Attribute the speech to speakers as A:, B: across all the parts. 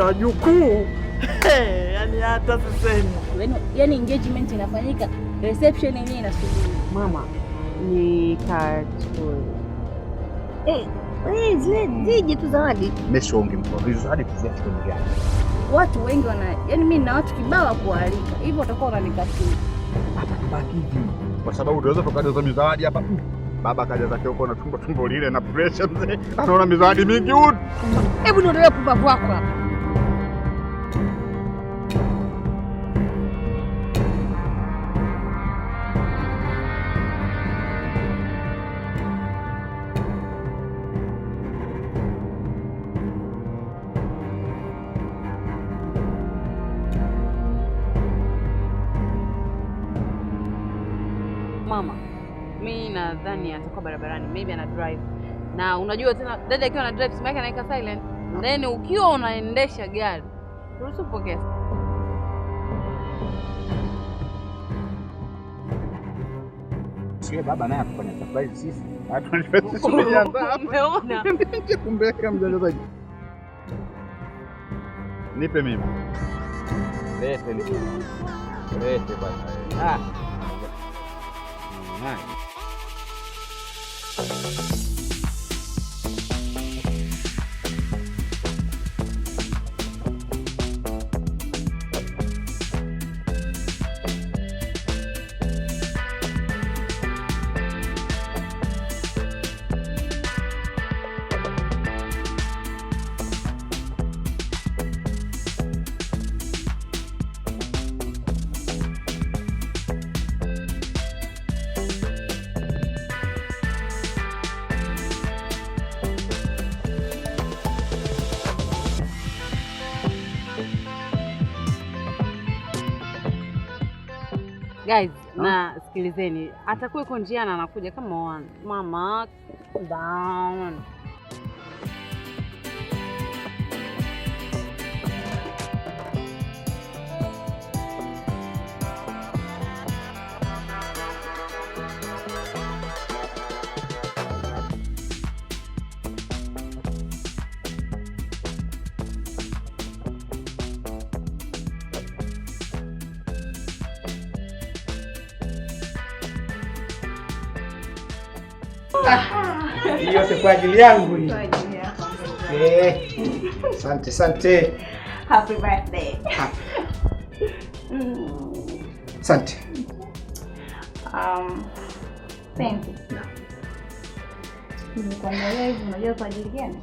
A: hata wajukuu hey, yani hata sisemi,
B: yani engagement inafanyika, reception yenyewe inasubiri.
A: Mama ni
B: eh, zile ziji tu zawadi
C: hadi kuziacha kwenye gari.
B: Watu wengi wana yani, mimi na watu kibao wa kualika hivyo, utakuwa unanikatia
C: hapa kibaki hivi, kwa sababu tunaweza tukajaza mizawadi hapa. Baba kaja zake huko na tumbo tumbo lile na pressure mzee, anaona mizawadi mingi.
B: Hebu niondolee pumbavu wako hapa.
A: maybe ana drive na unajua tena dada akiwa na drive simu yake anaweka silent, then ukiwa unaendesha gari ruhusu kupokea
C: Nipe mimi.
D: Lete, lete. Lete Ah. Nice. Thank you.
A: Guys, huh? Na sikilizeni, atakuwa iko njiani anakuja kama mama down. Ah.
C: Hii yote kwa ajili yangu hii. Eh. Asante, asante.
A: Happy birthday.
C: Mm. Asante.
A: Um, thank penzi. Nimekuangalia hivi unajua kwa ajili gani?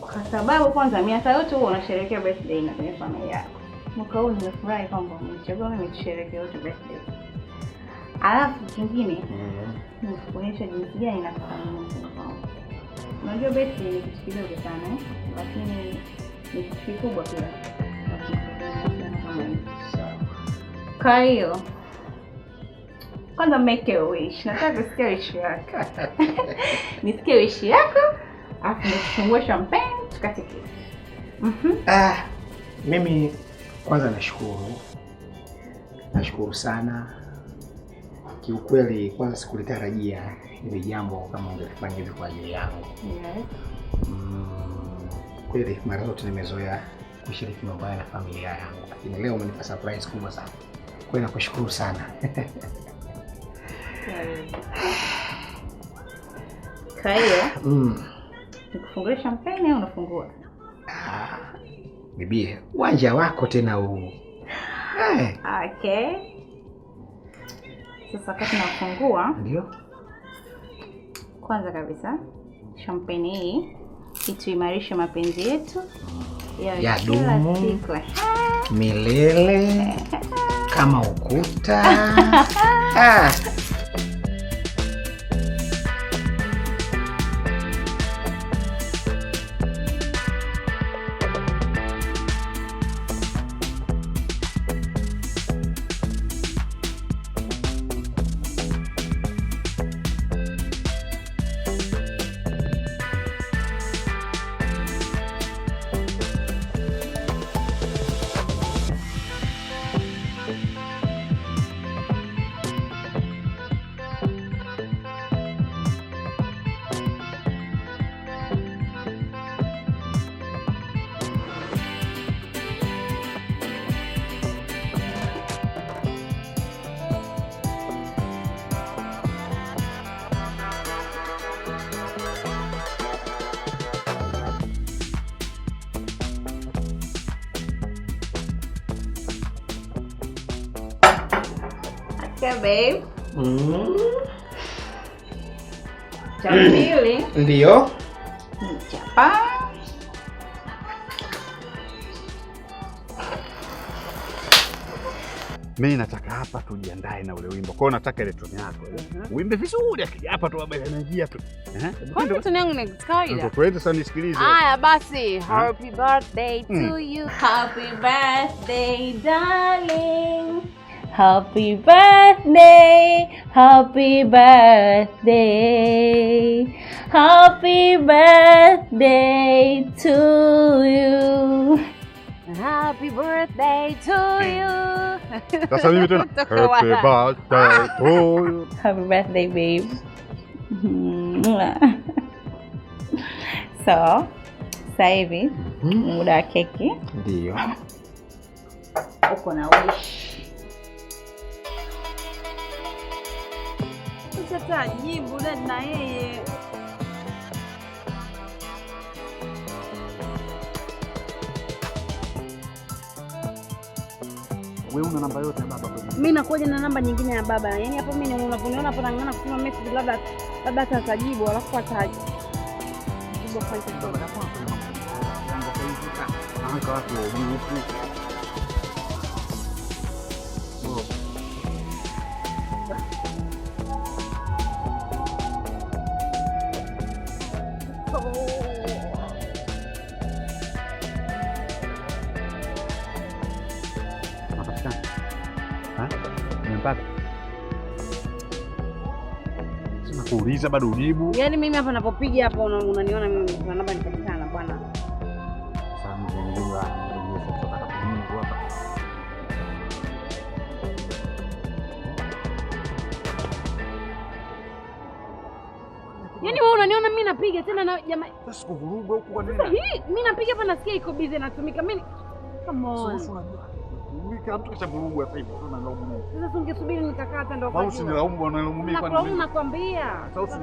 A: Kwa sababu kwanza miaka yote huwa unasherehekea birthday na kwenye familia yako. Mwaka huu nimefurahi kwamba umechagua mimi tusherehekee wote birthday. Alafu kingine mm-hmm. nikuonyesha jinsi gani nafanya mfuko Unajua beti ni kitu kidogo sana, lakini ni kitu kikubwa pia. Kwa hiyo kwanza make a wish. Nataka kusikia wish yako. Nisikie wish yako, afu nikufungue champagne tukate keki.
C: Mm-hmm. Ah, mimi kwanza nashukuru. Nashukuru sana kiukweli, kwanza sikulitarajia hili jambo kama ungefanya hivi kwa ajili yangu.
A: Yes.
C: Mm, kweli mara zote nimezoea kushiriki mambo haya na familia yangu, lakini leo umenipa surprise kubwa sana. Kweli nakushukuru sana. Kaio, mm.
A: Nikufungulie champagne au unafungua?
C: Ah, bibie, uwanja wako tena huu. Hey.
A: Okay. Sasa wakati nafungua, ndio kwanza kabisa champagne hii ituimarishe mapenzi yetu ya
C: dumu milele kama ukuta babe. Mm.
A: pili ndio chapa
C: Mimi nataka hapa tujiandae na ule wimbo. Kwa hiyo nataka ile tone yako. Eh? Mm-hmm. Uimbe vizuri akija hapa tu baba anaingia tu.
A: Eh? tone yangu ni kawaida. Ndio
C: kwenda sasa nisikilize.
A: Haya basi. Mm-hmm. Happy birthday to mm. you. Happy birthday darling. Happy birthday happy birthday happy birthday to you happy birthday to you
C: happy birthday to you
A: happy birthday babe so sasa hivi muda wa keki ndio uko na wish hata jibu dadi na yeye
C: Wewe una namba yote ya baba?
A: Mimi nakuja na namba nyingine ya baba. Yaani hapo mimi unaponiona hapo nang'ana kusema message labda labda atajibu alafu ataje.
C: Jibu kwa hiyo. Kwa hiyo. Nakuuliza bado ujibu.
A: Yaani mimi hapa napopiga hapa unaniona mimi na namba nipatikana bwana. Yaani wewe unaniona mimi napiga tena na jamaa.
C: Sasa kuvuruga huko kwa nini?
A: Mimi napiga hapa nasikia iko busy natumika. Mimi come on
C: kila mtu kishavurugu sasa hivi. Sasa ungesubiri bwana, mimi kwa
A: nini? Nakwambia sasa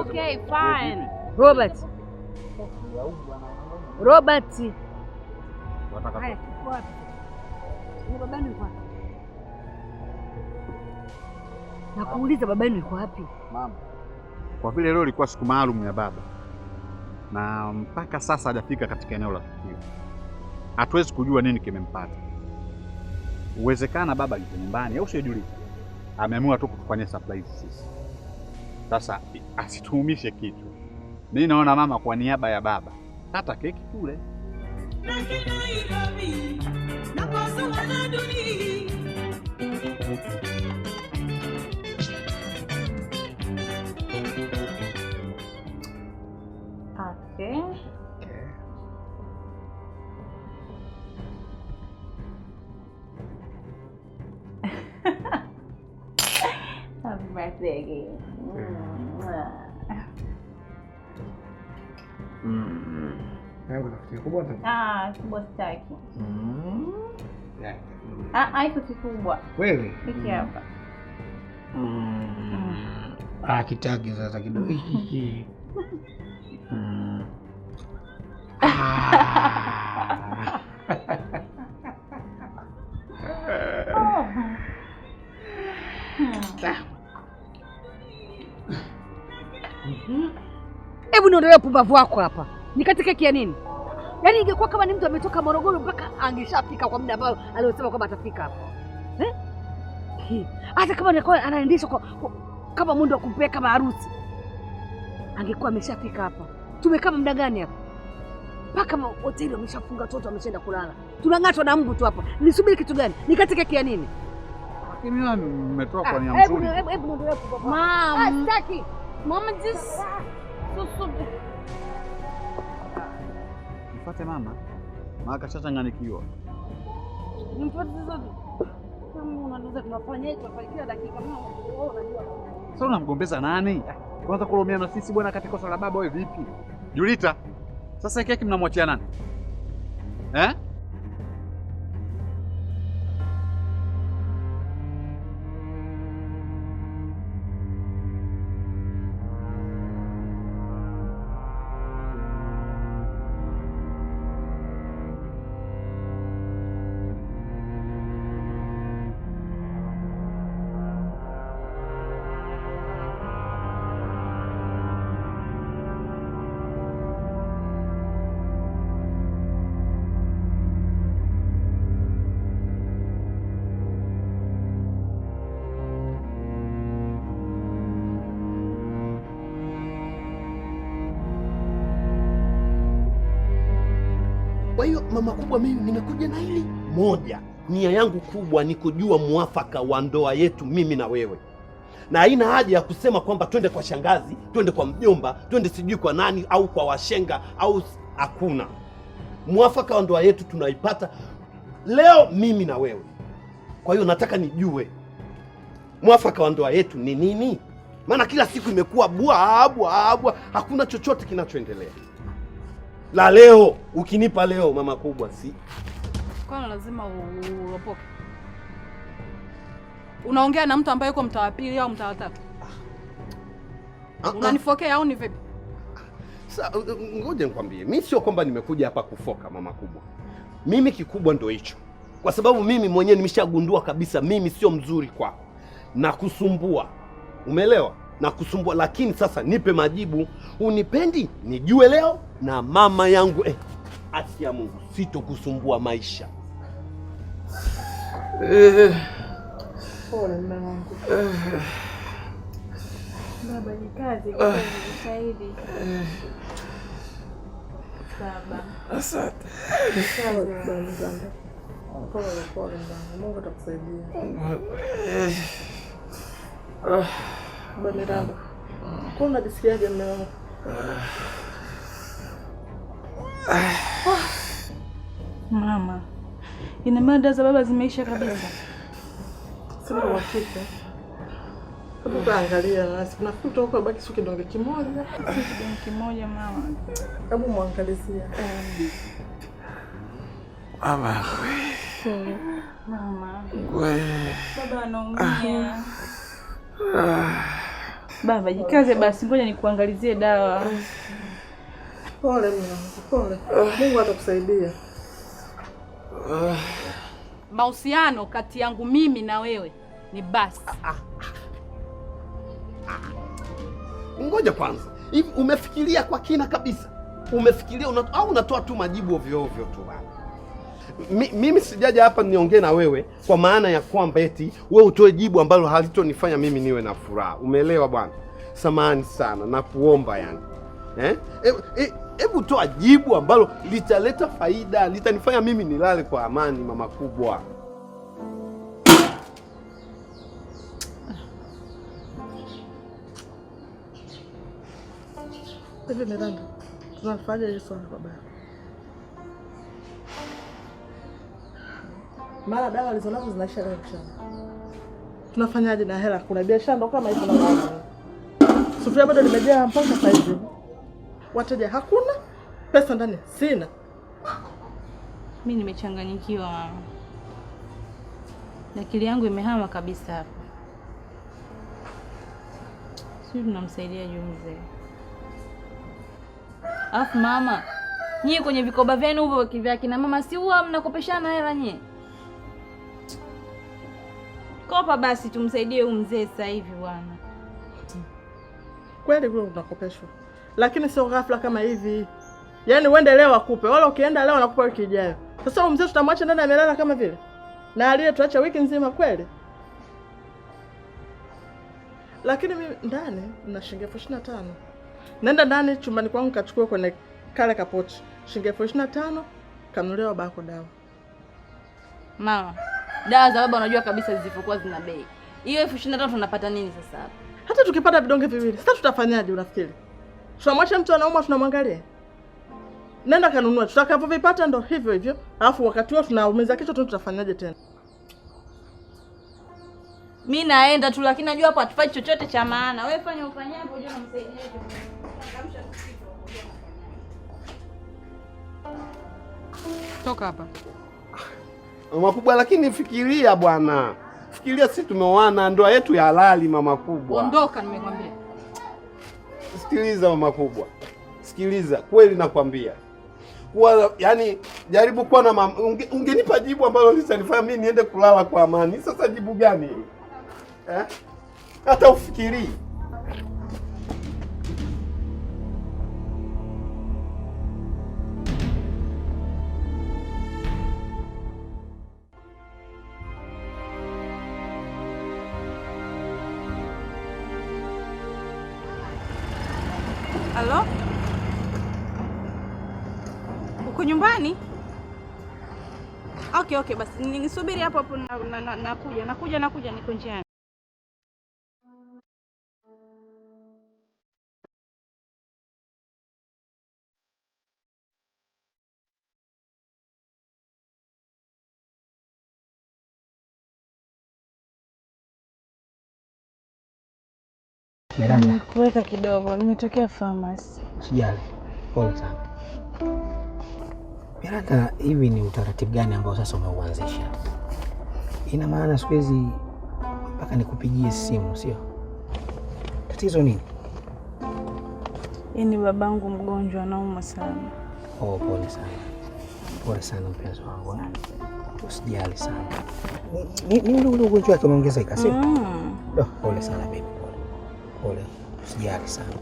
A: Okay, fine. Robert. Robert.
C: Wataka haya wapi?
A: Ni kwa Nakuuliza yuko wapi?
C: Mama. Kwa vile leo ilikuwa siku maalum ya baba na mpaka sasa hajafika katika eneo la tukio, hatuwezi kujua nini kimempata uwezekana baba yuko nyumbani au sijui ameamua tu kutufanyia surprise sisi. Sasa asituumishe kitu. Mimi naona mama, kwa niaba ya baba, hata keki kule Mm. kubwa
A: ah, kubwa sitaki. Mm. kikubwa. kweli Hiki mm-hmm. hapa.
C: Mm. sasa kidogo. Mm.
A: hebu niondolee upumbavu wako hapa. nikatike kia nini? Yaani ingekuwa kama ni mtu ametoka Morogoro mpaka angeshafika kwa muda ambao aliosema kwamba atafika hapa Eh? Hata kama nilikuwa anaendeshwa kwa, kama mundo wa kumpeleka maharusi. Angekuwa ameshafika hapa. Tumekaa muda gani hapa? Mpaka hoteli wameshafunga, watoto wameshaenda kulala. Tunang'atwa na mbu tu hapa. Nisubiri kitu gani? Nikate keki ya nini?
C: Lakini kwa ah, nia
A: nzuri. Hebu hebu hebu, Mama. Mama just Tusubiri.
C: Mfuate mama. Mama kashachanganyikiwa. sasa. unamgombeza nani? Kwanza kulomia na sisi bwana katika la baba wewe vipi? Julita. Sasa keki mnamwachia nani? Eh?
A: hiyo mama kubwa, mimi nimekuja na hili
C: moja, nia yangu kubwa ni kujua mwafaka wa ndoa yetu mimi na wewe, na haina haja ya kusema kwamba twende kwa shangazi, twende kwa mjomba, twende sijui kwa nani au kwa washenga au hakuna. Mwafaka wa ndoa yetu tunaipata leo mimi na wewe. Kwa hiyo nataka nijue mwafaka wa ndoa yetu ni nini, maana kila siku imekuwa bwa bwa bwa, hakuna chochote kinachoendelea la leo. Ukinipa leo mama kubwa, si
A: kwa lazima uropoke. Unaongea na mtu ambaye yuko mtaa wa pili au mtaa wa tatu? Ah, ah. unanifokea au ni vipi?
C: Ngoja nikwambie, mi sio kwamba nimekuja hapa kufoka mama kubwa. Mimi kikubwa ndo hicho, kwa sababu mimi mwenyewe nimeshagundua kabisa mimi sio mzuri kwako na kusumbua, umeelewa? na kusumbua, lakini sasa nipe majibu. Unipendi nijue leo na mama yangu eh, asi ya Mungu sitokusumbua maisha
A: eh. Pole Baba ni kazi Baba Pole pole, Mungu atakusaidia. Habari yangu. Kwa unajisikiaje mume wangu? Ah. Mama, ina maana dawa za baba zimeisha kabisa? Sina uhakika. Hebu kaangalia nasi Kuna nafuta huko baki su kidonge kimoja. Kidonge kimoja mama. Hebu muangalizia. Mama. Mama. Baba anaumia. Baba, jikaze basi, ngoja nikuangalizie dawa. Pole mwanangu, pole. Mungu atakusaidia. Mahusiano kati yangu mimi na wewe ni basi.
C: Ngoja kwanza, hivi umefikiria kwa kina kabisa? Umefikiria au unatoa tu majibu ovyo ovyo tu baba? mimi sijaja hapa niongee na wewe kwa maana ya kwamba eti we utoe jibu ambalo halitonifanya mimi niwe na furaha. Umeelewa bwana? Samahani sana nakuomba yani. Eh? E, hebu e, e, toa jibu ambalo litaleta faida, litanifanya mimi nilale kwa amani, mama kubwa.
A: mara dawa alizonazo zinaisha leo mchana. Tunafanyaje na hela? Kuna biashara ndo kama hizo, sufuria bado limejaa mpaka sasa hivi, wateja hakuna, pesa ndani sina. Mi nimechanganyikiwa mama, akili yangu imehama kabisa hapa. Sio tunamsaidia juu mzee. afu mama, nyie kwenye vikoba vyenu hivyo kivyake, na mama, si huwa mnakopeshana hela nyie? Kopa basi tumsaidie huyu mzee sasa hivi bwana. Kweli kule unakopeshwa, lakini sio ghafla kama hivi. Yaani uende leo akupe, wala ukienda leo anakupa wiki ijayo. Sasa huyu mzee tutamwacha ndani amelala kama vile, na aliye tuacha wiki nzima kweli? Lakini mimi ndani na shilingi elfu ishirini na tano naenda ndani chumbani kwangu kachukua kwenye kale kapochi shilingi elfu ishirini na tano kanunulia babako dawa mama dawa za baba unajua kabisa zilivyokuwa zina bei. Hiyo elfu ishirini na tano tunapata nini sasa hapa? Hata tukipata vidonge viwili sasa tutafanyaje unafikiri? Tunamwacha mtu anaumwa tunamwangalia? Nenda kanunua, tutakapovipata ndo hivyo hivyo. Alafu wakati huo tunaumeza kichwa tu, tutafanyaje tena? Mimi naenda tu, lakini najua hapo hatufai chochote cha maana. Wewe fanya ufanyapo, unajua namsaidia. Toka hapa
C: mama kubwa, lakini fikiria bwana, fikiria sisi tumeoana, ndoa yetu ya halali. Mama kubwa,
A: ondoka, nimekwambia.
C: Sikiliza mama kubwa, sikiliza, kweli nakwambia kuwa yani, jaribu kuwa na mama. Unge, ungenipa jibu ambalo litanifanya mimi niende kulala kwa amani. Sasa jibu gani eh? hata ufikirii
A: uko nyumbani? Okay, okay, basi nisubiri hapo hapo, nakuja na, na, na nakuja nakuja, niko njiani. Nimekuweka kidogo, nimetokea famasi.
C: Sijali, pole sana. Miranda, hivi ni utaratibu gani ambao sasa umeuanzisha? Ina maana siku hizi mpaka nikupigie simu, sio? Tatizo nini?
A: Yaani babangu mgonjwa, naumwa sana.
C: Oh, pole sana, pole sana mpenzi wangu, usijali sana. Ni ule ugonjwa wake umeongezeka, sio? Mm. Oh, pole sana baby, pole pole, usijali sana.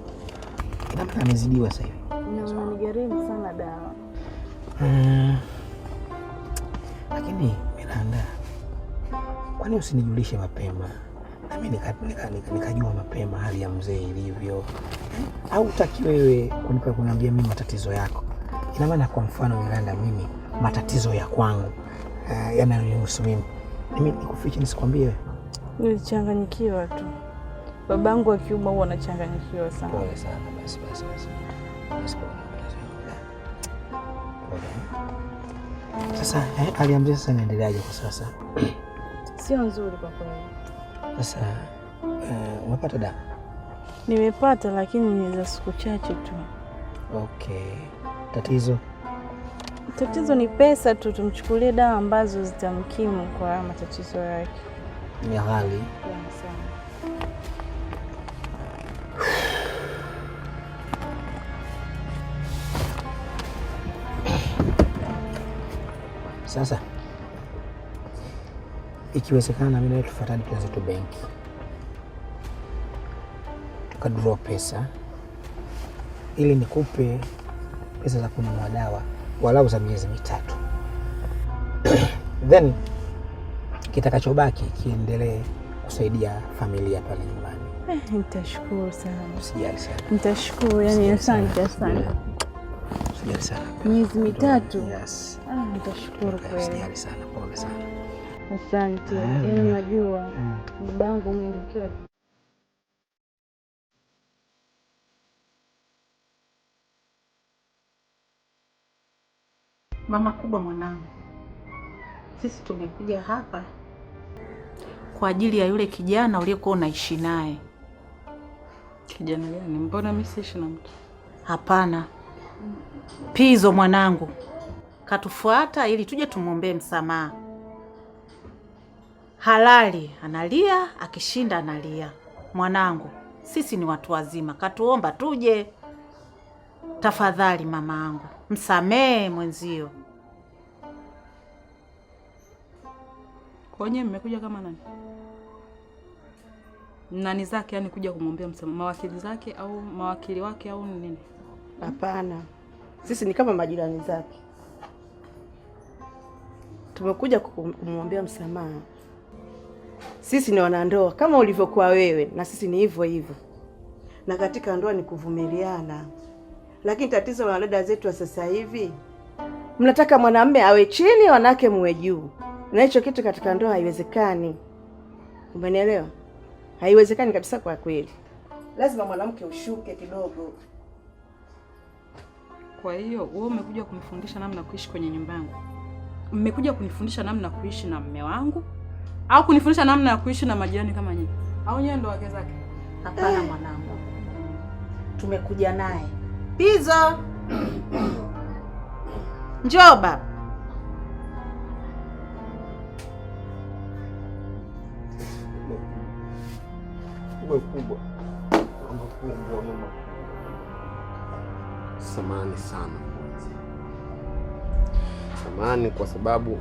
C: Ina maana amezidiwa sasa hivi,
A: nimegharimu sana dawa Eh,
C: lakini Miranda, kwani usinijulishe mapema nami nikajua nika, nika, nika mapema hali ya mzee ilivyo, eh, au utaki wewe kunipa kuniambia mimi matatizo yako? Ina maana kwa mfano Miranda, mimi matatizo ya kwangu uh, mimi, mimi nikufiche nisikwambie?
A: Nilichanganyikiwa tu, babangu akiuma huwa anachanganyikiwa sana.
C: Pole sana. Basi basi basi. Sasa eh, hali ya mzee sasa inaendeleaje kwa sasa?
A: Sio nzuri kwa kweli.
C: Sasa eh, umepata dawa?
A: Nimepata, lakini ni za siku chache tu.
C: Okay, tatizo
A: tatizo ni pesa tu, tumchukulie dawa ambazo zitamkimu kwa matatizo yake. Ni ghali sana.
C: Sasa ikiwezekana, mimi nawe tufuatane, tuanze zetu benki tukadraw pesa ili nikupe pesa za kununua dawa walau za miezi mitatu, then kitakachobaki kiendelee kusaidia familia pale nyumbani.
A: Eh, nitashukuru sana. Usijali sana. Nitashukuru, yani asante sana. Sijali sana. Miezi mitatu.
C: Yes.
A: Ah, nitashukuru
C: kweli. Sijali sana. Pole sana.
A: Asante. Ah, yaani Yeye najua mm. babangu Mungu kila Mama kubwa, mwanangu, sisi tumekuja hapa kwa ajili ya yule kijana uliyekuwa unaishi naye. Kijana gani? Mbona mimi siishi na mtu? Hapana. Pizo mwanangu katufuata ili tuje tumwombee msamaha. Halali analia, akishinda analia. Mwanangu, sisi ni watu wazima, katuomba tuje. Tafadhali mamaangu, msamehe mwenzio. Kwenye mmekuja kama nani nani zake, yani kuja kumwombea msamaha, mawakili zake au mawakili wake au nini? Hapana. Sisi ni kama majirani zake, tumekuja kumwombea msamaha. Sisi ni wanandoa kama ulivyokuwa wewe, na sisi ni hivyo hivyo, na katika ndoa ni kuvumiliana. Lakini tatizo la wadada zetu wa sasa hivi, mnataka mwanamume awe chini, wanawake muwe juu, na hicho kitu katika ndoa haiwezekani. Umenielewa? Haiwezekani kabisa, kwa kweli. Lazima mwanamke ushuke kidogo. Kwa hiyo wewe umekuja kunifundisha namna kuishi kwenye nyumba yangu, mmekuja kunifundisha namna kuishi na mme wangu au kunifundisha namna ya kuishi na majirani kama nyinyi au nyewe ndo wake zake? Hapana eh. mwanangu, tumekuja naye Pizza. Njoo baba.
C: Kubwa kubwa samani sana, samani kwa sababu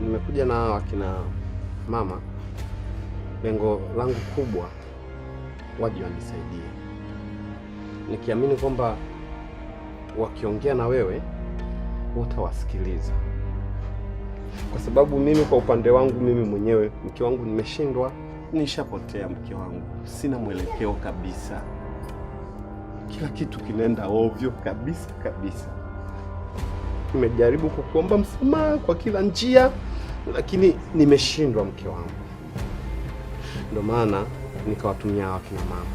C: nimekuja na wakina mama, lengo langu kubwa waje wanisaidie, nikiamini kwamba wakiongea na wewe utawasikiliza, kwa sababu mimi kwa upande wangu mimi mwenyewe mke wangu nimeshindwa, nishapotea mke wangu, sina mwelekeo kabisa kila kitu kinaenda ovyo kabisa kabisa. Nimejaribu kukuomba msamaha kwa kila njia, lakini nimeshindwa, mke wangu. Ndio maana nikawatumia hawa kina mama.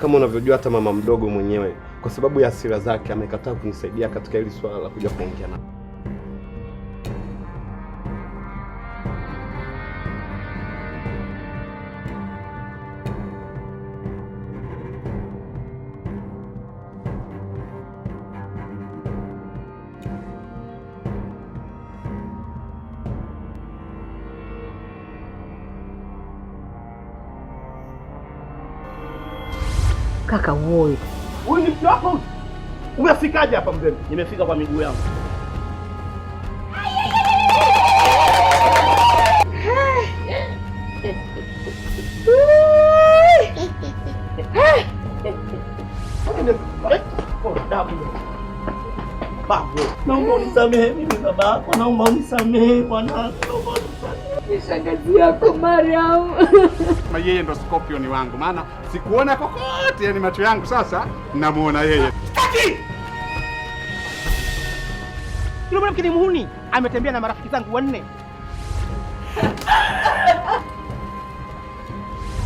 C: Kama unavyojua, hata mama mdogo mwenyewe kwa sababu ya hasira zake amekataa kunisaidia katika hili swala la kuja kuongea na
A: Kaka uoe
C: huyu ni wako. Umefikaje hapa mzee? Nimefika kwa miguu yangu.
A: Naomba unisamehe mimi baba yako, naomba unisamehe bwana. Shangazi yako Mariam.
C: Na yeye ndo Scorpion wangu, maana sikuona koko katieni macho yangu sasa, namuona yeye. Sitaki!
A: Yule mwanamke ni muhuni, ametembea na marafiki zangu wanne.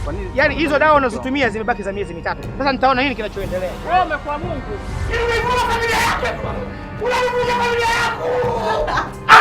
A: Kwa nini? Yaani hizo dawa unazotumia zimebaki za miezi mitatu. Sasa nitaona nini kinachoendelea.
C: Wewe umekuwa Mungu. Yaani Unaivuruga familia yako. Unaivuruga familia yako. Ah!